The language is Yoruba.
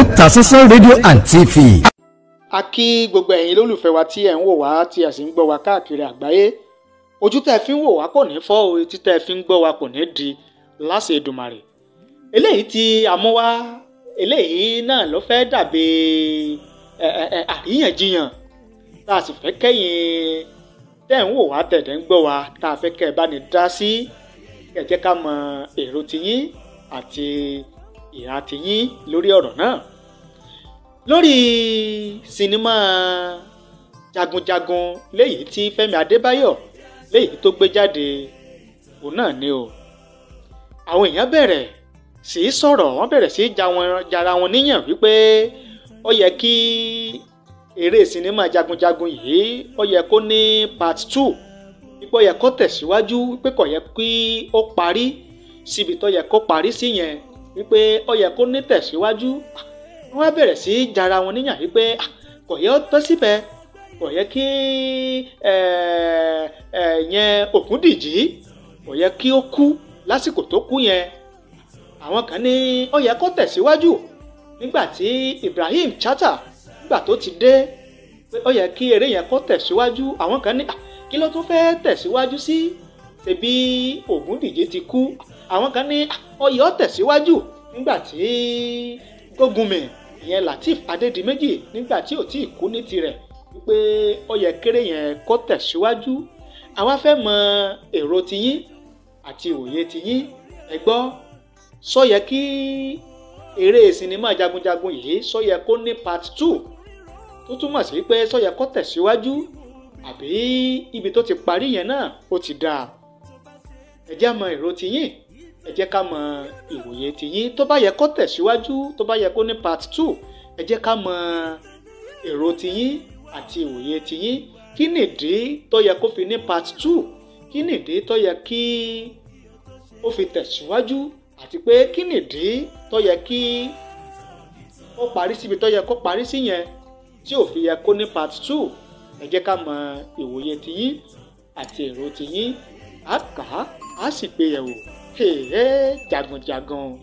Otasansan rédíò and TV. a kí gbogbo ẹ̀yin lólùfẹ́ wa tí ẹ̀ ń wò wá tí ẹ̀ sì ń gbọ́ wa káàkiri àgbáyé ojú tẹ́ ẹ fi ń wò wá kò ní fọ́ o etí tẹ́ ẹ fi ń gbọ́ wa kò ní di láṣẹ Èdùmàrè eléyìí tí a eléyìí náà ló fẹ́ dàbí àríyànjiyàn tá a sì fẹ́ kẹ́yìn tẹ́ ń wò wá tẹ̀dẹ̀ ń gbọ́ wa tá a fẹ́ kẹ́ ẹ bá ní dá sí kẹ̀jẹ́ ká mọ èrò tiyín àti ìran ti yín lórí ọ̀rọ̀ náà lórí sinimá jagunjagun léyìí tí Fẹ́mi Adébáyọ̀ léyìí tó gbé jáde òun náà ni o àwọn èèyàn bẹ̀rẹ̀ sí í sọ̀rọ̀ wọ́n bẹ̀rẹ̀ sí í jara wọn níyàn wípé ó yẹ kí eré sinimá jagunjagun yìí ó yẹ kó ní part two wípé ó yẹ kó tẹ̀síwájú wípé kò yẹ kí ó parí síbi tó yẹ kó parí sí yẹn wípé ó yẹ kó ní tẹ̀síwájú wọ́n á bẹ̀rẹ̀ sí í jara wọn níyàn wípé kò yẹ ó tọ́ síbẹ̀ kò yẹ kí yẹn Ògúndìjì kò yẹ kí ó kú lásìkò tó kú yẹn àwọn kan ní ó kó tẹ̀síwájú nígbà tí Ibrahim Chata. nígbà tó ti dé pé ó yẹ kí eré yẹn kó tẹ̀síwájú àwọn kan ní kí ló tún fẹ́ tẹ̀síwájú sí. Si? ṣebí Ògúndìje ti kú àwọn kan ní ah, Ọ̀yọ́ tẹ̀síwájú nígbà tí Gógùnmí ìyẹn Lateef Adédìméjì nígbà tí ò tí ì kú ní tirẹ̀ wípé ó yẹ kéré yẹn kó tẹ̀síwájú àwa fẹ́ mọ èrò tiyín àti òye tiyín ẹ gbọ́ kí eré sinimá jagunjagun yìí sọ kó ní part two tó túmọ̀ sí pé sọ yẹ kó tẹ̀síwájú àbí ibi tó ti parí yẹn náà ó ti dáa ẹ jẹ́ mọ èrò tiyín ẹ jẹ́ ká mọ ìwòye tiyín tó bá yẹ kó tẹ̀síwájú tó bá yẹ kó ní part two ẹ jẹ́ ká mọ èrò tiyín àti ìwòye tiyín kí nìdí tó yẹ kó fi ní part two kí nìdí tó yẹ kí ó fi tẹ̀síwájú àti pé kí nìdí tó yẹ kí ó parí síbi tó yẹ kó parí sí yẹn tí ò fi yẹ kó ní part two ẹ jẹ́ ká mọ ìwòye tiyín àti èrò tiyín आपका आशिक पे है हे हे जागो जागो